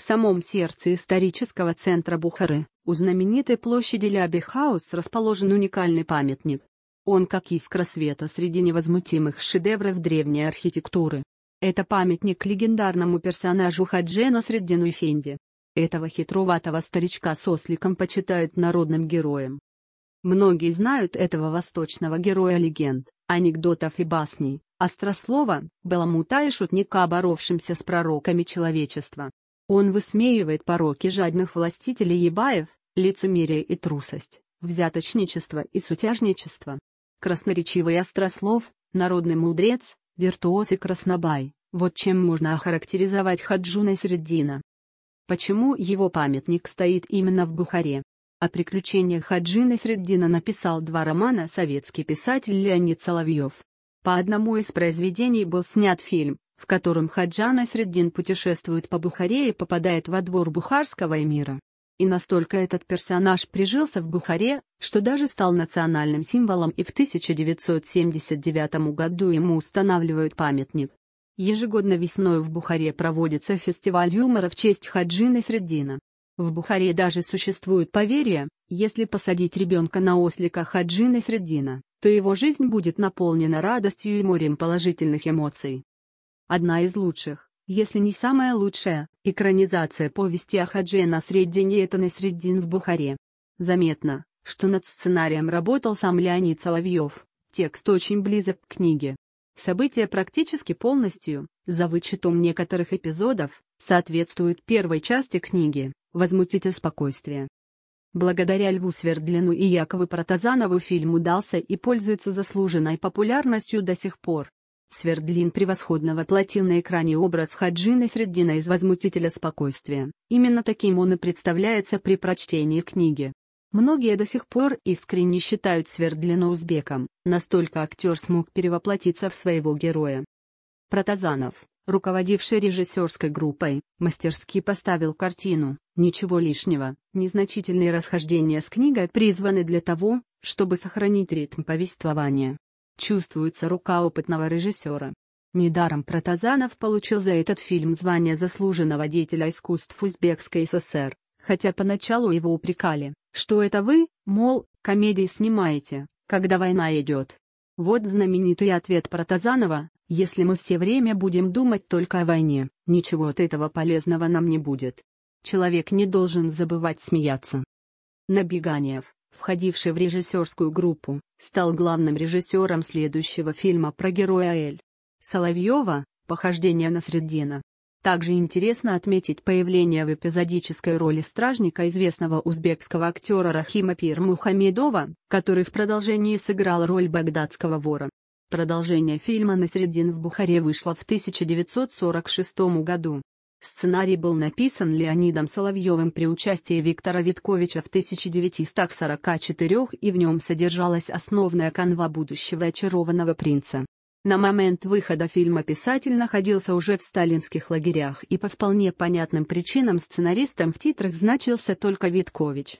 в самом сердце исторического центра Бухары, у знаменитой площади Лябихаус расположен уникальный памятник. Он как искра света среди невозмутимых шедевров древней архитектуры. Это памятник легендарному персонажу Хаджи Насреддину Эфенди. Этого хитроватого старичка с осликом почитают народным героем. Многие знают этого восточного героя легенд, анекдотов и басней, острослова, баламута и шутника, боровшимся с пророками человечества. Он высмеивает пороки жадных властителей ебаев, лицемерие и трусость, взяточничество и сутяжничество. Красноречивый острослов, народный мудрец, виртуоз и краснобай – вот чем можно охарактеризовать Хаджуна Среддина. Почему его памятник стоит именно в Бухаре? О приключениях Хаджина Среддина написал два романа советский писатель Леонид Соловьев. По одному из произведений был снят фильм в котором хаджан Насреддин путешествует по Бухаре и попадает во двор бухарского эмира. И настолько этот персонаж прижился в Бухаре, что даже стал национальным символом и в 1979 году ему устанавливают памятник. Ежегодно весной в Бухаре проводится фестиваль юмора в честь хаджина Насреддина. В Бухаре даже существует поверье, если посадить ребенка на ослика хаджина Насреддина, то его жизнь будет наполнена радостью и морем положительных эмоций. Одна из лучших, если не самая лучшая, экранизация повести о Хадже на средине это на средин в Бухаре. Заметно, что над сценарием работал сам Леонид Соловьев, текст очень близок к книге. События практически полностью, за вычетом некоторых эпизодов, соответствуют первой части книги возмутите спокойствие. Благодаря Льву Свердлину и Якову Протазанову фильм удался и пользуется заслуженной популярностью до сих пор. Свердлин превосходно воплотил на экране образ Хаджина Среддина из «Возмутителя спокойствия». Именно таким он и представляется при прочтении книги. Многие до сих пор искренне считают Свердлина узбеком, настолько актер смог перевоплотиться в своего героя. Протазанов, руководивший режиссерской группой, мастерски поставил картину, ничего лишнего, незначительные расхождения с книгой призваны для того, чтобы сохранить ритм повествования. Чувствуется рука опытного режиссера. Недаром Протазанов получил за этот фильм звание заслуженного деятеля искусств Узбекской ССР, хотя поначалу его упрекали, что это вы, мол, комедии снимаете, когда война идет. Вот знаменитый ответ Протазанова, если мы все время будем думать только о войне, ничего от этого полезного нам не будет. Человек не должен забывать смеяться. Набеганиев входивший в режиссерскую группу, стал главным режиссером следующего фильма про героя Эль. Соловьева «Похождение на Средина. Также интересно отметить появление в эпизодической роли стражника известного узбекского актера Рахима Пир Мухамедова, который в продолжении сыграл роль багдадского вора. Продолжение фильма «Насреддин в Бухаре» вышло в 1946 году. Сценарий был написан Леонидом Соловьевым при участии Виктора Витковича в 1944 и в нем содержалась основная канва будущего очарованного принца. На момент выхода фильма писатель находился уже в сталинских лагерях и по вполне понятным причинам сценаристом в титрах значился только Виткович.